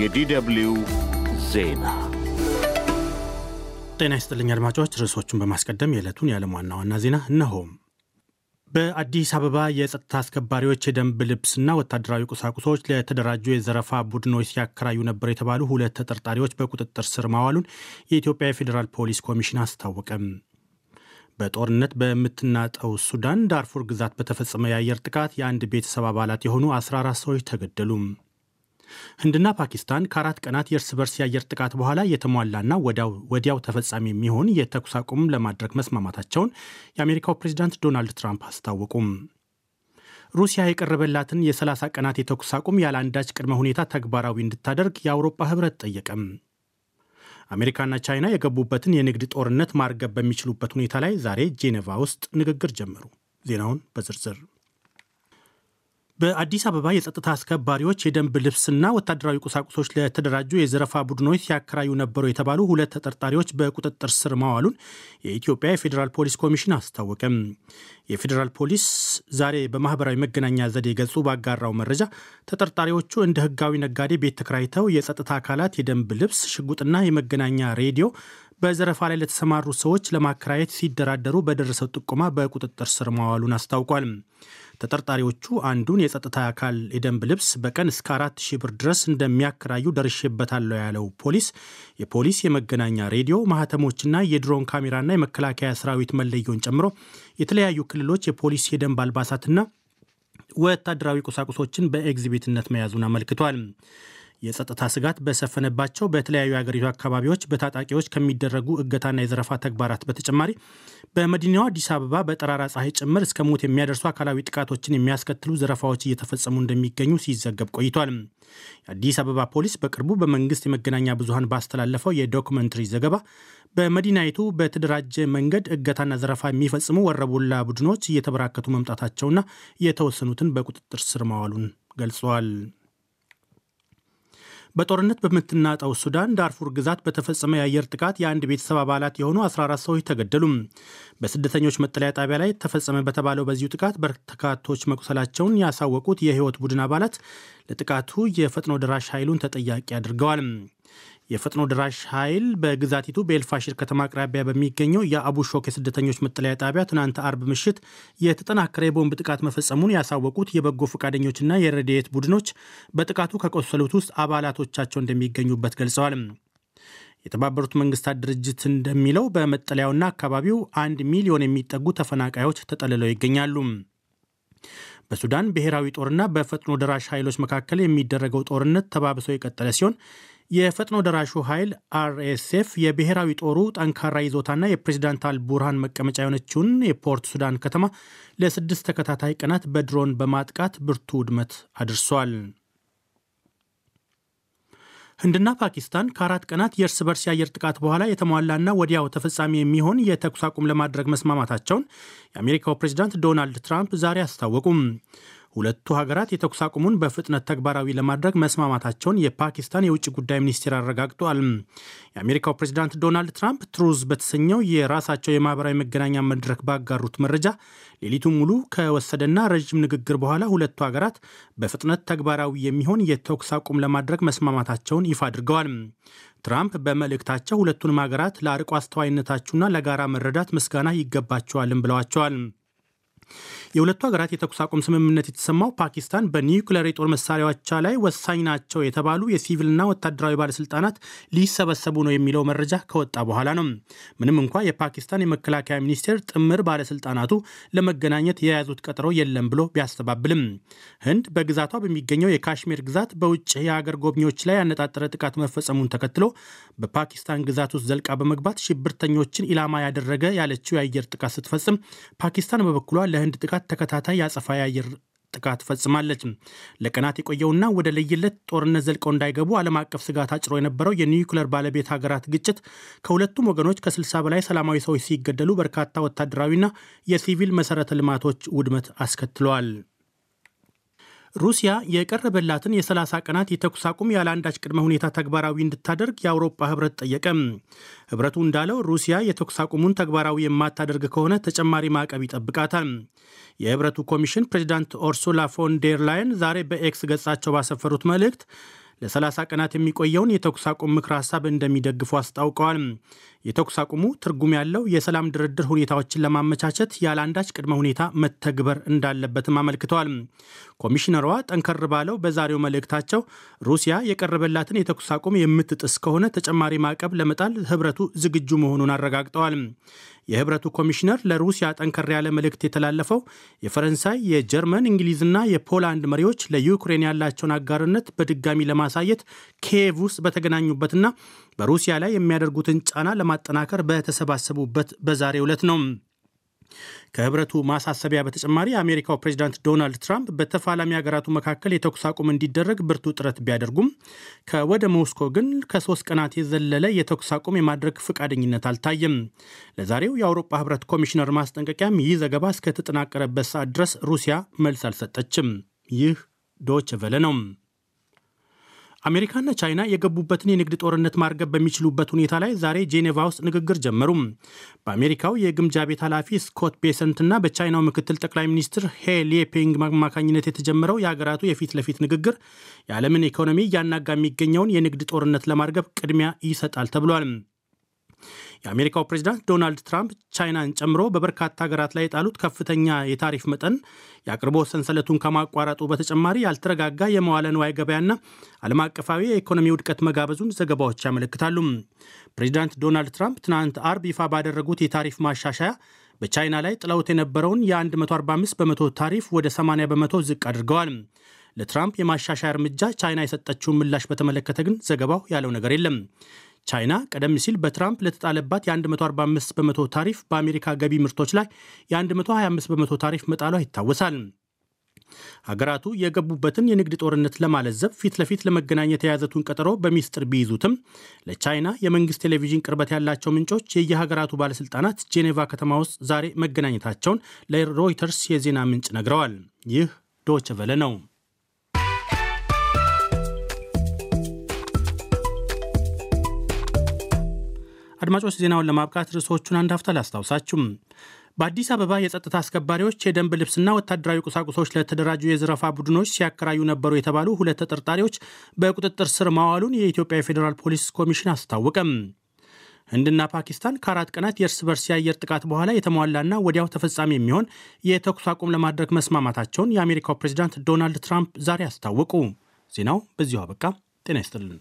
የዲደብሊው ዜና ጤና ይስጥልኝ አድማጮች። ርዕሶቹን በማስቀደም የዕለቱን የዓለም ዋና ዋና ዜና እነሆም። በአዲስ አበባ የጸጥታ አስከባሪዎች የደንብ ልብስና ወታደራዊ ቁሳቁሶች ለተደራጁ የዘረፋ ቡድኖች ሲያከራዩ ነበር የተባሉ ሁለት ተጠርጣሪዎች በቁጥጥር ስር ማዋሉን የኢትዮጵያ የፌዴራል ፖሊስ ኮሚሽን አስታወቀም። በጦርነት በምትናጠው ሱዳን ዳርፉር ግዛት በተፈጸመ የአየር ጥቃት የአንድ ቤተሰብ አባላት የሆኑ 14 ሰዎች ተገደሉም። ህንድና ፓኪስታን ከአራት ቀናት የእርስ በርስ የአየር ጥቃት በኋላ የተሟላና ወዲያው ተፈጻሚ የሚሆን የተኩስ አቁም ለማድረግ መስማማታቸውን የአሜሪካው ፕሬዚዳንት ዶናልድ ትራምፕ አስታወቁም። ሩሲያ የቀረበላትን የ30 ቀናት የተኩስ አቁም ያለ አንዳች ቅድመ ሁኔታ ተግባራዊ እንድታደርግ የአውሮፓ ህብረት ጠየቀም። አሜሪካና ቻይና የገቡበትን የንግድ ጦርነት ማርገብ በሚችሉበት ሁኔታ ላይ ዛሬ ጄኔቫ ውስጥ ንግግር ጀመሩ። ዜናውን በዝርዝር በአዲስ አበባ የጸጥታ አስከባሪዎች የደንብ ልብስና ወታደራዊ ቁሳቁሶች ለተደራጁ የዘረፋ ቡድኖች ሲያከራዩ ነበሩ የተባሉ ሁለት ተጠርጣሪዎች በቁጥጥር ስር ማዋሉን የኢትዮጵያ የፌዴራል ፖሊስ ኮሚሽን አስታወቅም። የፌዴራል ፖሊስ ዛሬ በማህበራዊ መገናኛ ዘዴ ገጹ ባጋራው መረጃ ተጠርጣሪዎቹ እንደ ህጋዊ ነጋዴ ቤት ተከራይተው የጸጥታ አካላት የደንብ ልብስ፣ ሽጉጥና የመገናኛ ሬዲዮ በዘረፋ ላይ ለተሰማሩ ሰዎች ለማከራየት ሲደራደሩ በደረሰው ጥቆማ በቁጥጥር ስር ማዋሉን አስታውቋል። ተጠርጣሪዎቹ አንዱን የጸጥታ አካል የደንብ ልብስ በቀን እስከ አራት ሺህ ብር ድረስ እንደሚያከራዩ ደርሼበታለሁ ያለው ፖሊስ የፖሊስ የመገናኛ ሬዲዮ ማህተሞችና የድሮን ካሜራና የመከላከያ ሰራዊት መለዮን ጨምሮ የተለያዩ ክልሎች የፖሊስ የደንብ አልባሳትና ወታደራዊ ቁሳቁሶችን በኤግዚቢትነት መያዙን አመልክቷል። የጸጥታ ስጋት በሰፈነባቸው በተለያዩ የአገሪቱ አካባቢዎች በታጣቂዎች ከሚደረጉ እገታና የዘረፋ ተግባራት በተጨማሪ በመዲናዋ አዲስ አበባ በጠራራ ፀሐይ ጭምር እስከ ሞት የሚያደርሱ አካላዊ ጥቃቶችን የሚያስከትሉ ዘረፋዎች እየተፈጸሙ እንደሚገኙ ሲዘገብ ቆይቷል። የአዲስ አበባ ፖሊስ በቅርቡ በመንግስት የመገናኛ ብዙሀን ባስተላለፈው የዶክመንትሪ ዘገባ በመዲናይቱ በተደራጀ መንገድ እገታና ዘረፋ የሚፈጽሙ ወረቦላ ቡድኖች እየተበራከቱ መምጣታቸውና የተወሰኑትን በቁጥጥር ስር ማዋሉን ገልጸዋል። በጦርነት በምትናጠው ሱዳን ዳርፉር ግዛት በተፈጸመ የአየር ጥቃት የአንድ ቤተሰብ አባላት የሆኑ 14 ሰዎች ተገደሉም። በስደተኞች መጠለያ ጣቢያ ላይ ተፈጸመ በተባለው በዚሁ ጥቃት በርካቶች መቁሰላቸውን ያሳወቁት የህይወት ቡድን አባላት ለጥቃቱ የፈጥኖ ደራሽ ኃይሉን ተጠያቂ አድርገዋል። የፈጥኖ ድራሽ ኃይል በግዛቲቱ በኤልፋሽር ከተማ አቅራቢያ በሚገኘው የአቡሾክ የስደተኞች መጠለያ ጣቢያ ትናንት አርብ ምሽት የተጠናከረ የቦምብ ጥቃት መፈጸሙን ያሳወቁት የበጎ ፈቃደኞችና የረድኤት ቡድኖች በጥቃቱ ከቆሰሉት ውስጥ አባላቶቻቸው እንደሚገኙበት ገልጸዋል። የተባበሩት መንግስታት ድርጅት እንደሚለው በመጠለያውና አካባቢው አንድ ሚሊዮን የሚጠጉ ተፈናቃዮች ተጠልለው ይገኛሉ። በሱዳን ብሔራዊ ጦርና በፈጥኖ ደራሽ ኃይሎች መካከል የሚደረገው ጦርነት ተባብሰው የቀጠለ ሲሆን የፈጥኖ ደራሹ ኃይል አርኤስኤፍ የብሔራዊ ጦሩ ጠንካራ ይዞታና የፕሬዚዳንት አልቡርሃን መቀመጫ የሆነችውን የፖርት ሱዳን ከተማ ለስድስት ተከታታይ ቀናት በድሮን በማጥቃት ብርቱ ውድመት አድርሷል። ህንድና ፓኪስታን ከአራት ቀናት የእርስ በርስ የአየር ጥቃት በኋላ የተሟላና ወዲያው ተፈጻሚ የሚሆን የተኩስ አቁም ለማድረግ መስማማታቸውን የአሜሪካው ፕሬዚዳንት ዶናልድ ትራምፕ ዛሬ አስታወቁም። ሁለቱ ሀገራት የተኩስ አቁሙን በፍጥነት ተግባራዊ ለማድረግ መስማማታቸውን የፓኪስታን የውጭ ጉዳይ ሚኒስቴር አረጋግጧል። የአሜሪካው ፕሬዚዳንት ዶናልድ ትራምፕ ትሩዝ በተሰኘው የራሳቸው የማህበራዊ መገናኛ መድረክ ባጋሩት መረጃ ሌሊቱን ሙሉ ከወሰደና ረዥም ንግግር በኋላ ሁለቱ ሀገራት በፍጥነት ተግባራዊ የሚሆን የተኩስ አቁም ለማድረግ መስማማታቸውን ይፋ አድርገዋል። ትራምፕ በመልእክታቸው ሁለቱንም ሀገራት ለአርቆ አስተዋይነታችሁና ለጋራ መረዳት ምስጋና ይገባቸዋልም ብለዋቸዋል። የሁለቱ ሀገራት የተኩስ አቁም ስምምነት የተሰማው ፓኪስታን በኒውክሌር የጦር መሳሪያዎቿ ላይ ወሳኝ ናቸው የተባሉ የሲቪልና ወታደራዊ ባለስልጣናት ሊሰበሰቡ ነው የሚለው መረጃ ከወጣ በኋላ ነው። ምንም እንኳ የፓኪስታን የመከላከያ ሚኒስቴር ጥምር ባለስልጣናቱ ለመገናኘት የያዙት ቀጠሮ የለም ብሎ ቢያስተባብልም ህንድ በግዛቷ በሚገኘው የካሽሚር ግዛት በውጭ የሀገር ጎብኚዎች ላይ ያነጣጠረ ጥቃት መፈጸሙን ተከትሎ በፓኪስታን ግዛት ውስጥ ዘልቃ በመግባት ሽብርተኞችን ኢላማ ያደረገ ያለችው የአየር ጥቃት ስትፈጽም ፓኪስታን በበኩሏ ለህንድ ጥቃት ተከታታይ የአጸፋ የአየር ጥቃት ፈጽማለች። ለቀናት የቆየውና ወደ ለይለት ጦርነት ዘልቀው እንዳይገቡ ዓለም አቀፍ ስጋት አጭሮ የነበረው የኒውክለር ባለቤት ሀገራት ግጭት ከሁለቱም ወገኖች ከ60 በላይ ሰላማዊ ሰዎች ሲገደሉ በርካታ ወታደራዊና የሲቪል መሠረተ ልማቶች ውድመት አስከትለዋል። ሩሲያ የቀረበላትን የ30 ቀናት የተኩስ አቁም ያለ አንዳች ቅድመ ሁኔታ ተግባራዊ እንድታደርግ የአውሮፓ ህብረት ጠየቀ። ህብረቱ እንዳለው ሩሲያ የተኩስ አቁሙን ተግባራዊ የማታደርግ ከሆነ ተጨማሪ ማዕቀብ ይጠብቃታል። የህብረቱ ኮሚሽን ፕሬዚዳንት ኦርሱላ ፎን ዴር ላይን ዛሬ በኤክስ ገጻቸው ባሰፈሩት መልእክት ለ30 ቀናት የሚቆየውን የተኩስ አቁም ምክር ሀሳብ እንደሚደግፉ አስታውቀዋል። የተኩስ አቁሙ ትርጉም ያለው የሰላም ድርድር ሁኔታዎችን ለማመቻቸት ያለ አንዳች ቅድመ ሁኔታ መተግበር እንዳለበትም አመልክተዋል። ኮሚሽነሯ ጠንከር ባለው በዛሬው መልእክታቸው ሩሲያ የቀረበላትን የተኩስ አቁም የምትጥስ ከሆነ ተጨማሪ ማዕቀብ ለመጣል ህብረቱ ዝግጁ መሆኑን አረጋግጠዋል። የህብረቱ ኮሚሽነር ለሩሲያ ጠንከር ያለ መልእክት የተላለፈው የፈረንሳይ፣ የጀርመን፣ እንግሊዝና የፖላንድ መሪዎች ለዩክሬን ያላቸውን አጋርነት በድጋሚ ለማሳየት ኪየቭ ውስጥ በተገናኙበትና በሩሲያ ላይ የሚያደርጉትን ጫና ለማጠናከር በተሰባሰቡበት በዛሬ ዕለት ነው። ከህብረቱ ማሳሰቢያ በተጨማሪ የአሜሪካው ፕሬዚዳንት ዶናልድ ትራምፕ በተፋላሚ ሀገራቱ መካከል የተኩስ አቁም እንዲደረግ ብርቱ ጥረት ቢያደርጉም ከወደ ሞስኮ ግን ከሶስት ቀናት የዘለለ የተኩስ አቁም የማድረግ ፈቃደኝነት አልታየም። ለዛሬው የአውሮፓ ህብረት ኮሚሽነር ማስጠንቀቂያም ይህ ዘገባ እስከተጠናቀረበት ሰዓት ድረስ ሩሲያ መልስ አልሰጠችም። ይህ ዶች ቨለ ነው። አሜሪካና ቻይና የገቡበትን የንግድ ጦርነት ማርገብ በሚችሉበት ሁኔታ ላይ ዛሬ ጄኔቫ ውስጥ ንግግር ጀመሩ። በአሜሪካው የግምጃ ቤት ኃላፊ ስኮት ቤሰንትና በቻይናው ምክትል ጠቅላይ ሚኒስትር ሄ ሊፒንግ አማካኝነት የተጀመረው የሀገራቱ የፊት ለፊት ንግግር የዓለምን ኢኮኖሚ እያናጋ የሚገኘውን የንግድ ጦርነት ለማርገብ ቅድሚያ ይሰጣል ተብሏል። የአሜሪካው ፕሬዚዳንት ዶናልድ ትራምፕ ቻይናን ጨምሮ በበርካታ ሀገራት ላይ የጣሉት ከፍተኛ የታሪፍ መጠን የአቅርቦት ሰንሰለቱን ከማቋረጡ በተጨማሪ ያልተረጋጋ የመዋለ ንዋይ ገበያና ዓለም አቀፋዊ የኢኮኖሚ ውድቀት መጋበዙን ዘገባዎች ያመለክታሉ። ፕሬዚዳንት ዶናልድ ትራምፕ ትናንት አርብ ይፋ ባደረጉት የታሪፍ ማሻሻያ በቻይና ላይ ጥለውት የነበረውን የ145 በመቶ ታሪፍ ወደ 80 በመቶ ዝቅ አድርገዋል። ለትራምፕ የማሻሻያ እርምጃ ቻይና የሰጠችውን ምላሽ በተመለከተ ግን ዘገባው ያለው ነገር የለም። ቻይና ቀደም ሲል በትራምፕ ለተጣለባት የ145 በመቶ ታሪፍ በአሜሪካ ገቢ ምርቶች ላይ የ125 በመቶ ታሪፍ መጣሏ ይታወሳል። ሀገራቱ የገቡበትን የንግድ ጦርነት ለማለዘብ ፊት ለፊት ለመገናኘት የያዘቱን ቀጠሮ በሚስጥር ቢይዙትም ለቻይና የመንግስት ቴሌቪዥን ቅርበት ያላቸው ምንጮች የየሀገራቱ ባለስልጣናት ጄኔቫ ከተማ ውስጥ ዛሬ መገናኘታቸውን ለሮይተርስ የዜና ምንጭ ነግረዋል። ይህ ዶችቨለ ነው። አድማጮች ዜናውን ለማብቃት ርዕሶቹን አንድ ሀፍታ ላስታውሳችሁም። በአዲስ አበባ የጸጥታ አስከባሪዎች የደንብ ልብስና ወታደራዊ ቁሳቁሶች ለተደራጁ የዘረፋ ቡድኖች ሲያከራዩ ነበሩ የተባሉ ሁለት ተጠርጣሪዎች በቁጥጥር ስር ማዋሉን የኢትዮጵያ የፌዴራል ፖሊስ ኮሚሽን አስታወቀም። ህንድና ፓኪስታን ከአራት ቀናት የእርስ በርስ የአየር ጥቃት በኋላ የተሟላና ወዲያው ተፈጻሚ የሚሆን የተኩስ አቁም ለማድረግ መስማማታቸውን የአሜሪካው ፕሬዚዳንት ዶናልድ ትራምፕ ዛሬ አስታወቁ። ዜናው በዚሁ አበቃ። ጤና ይስጥልን።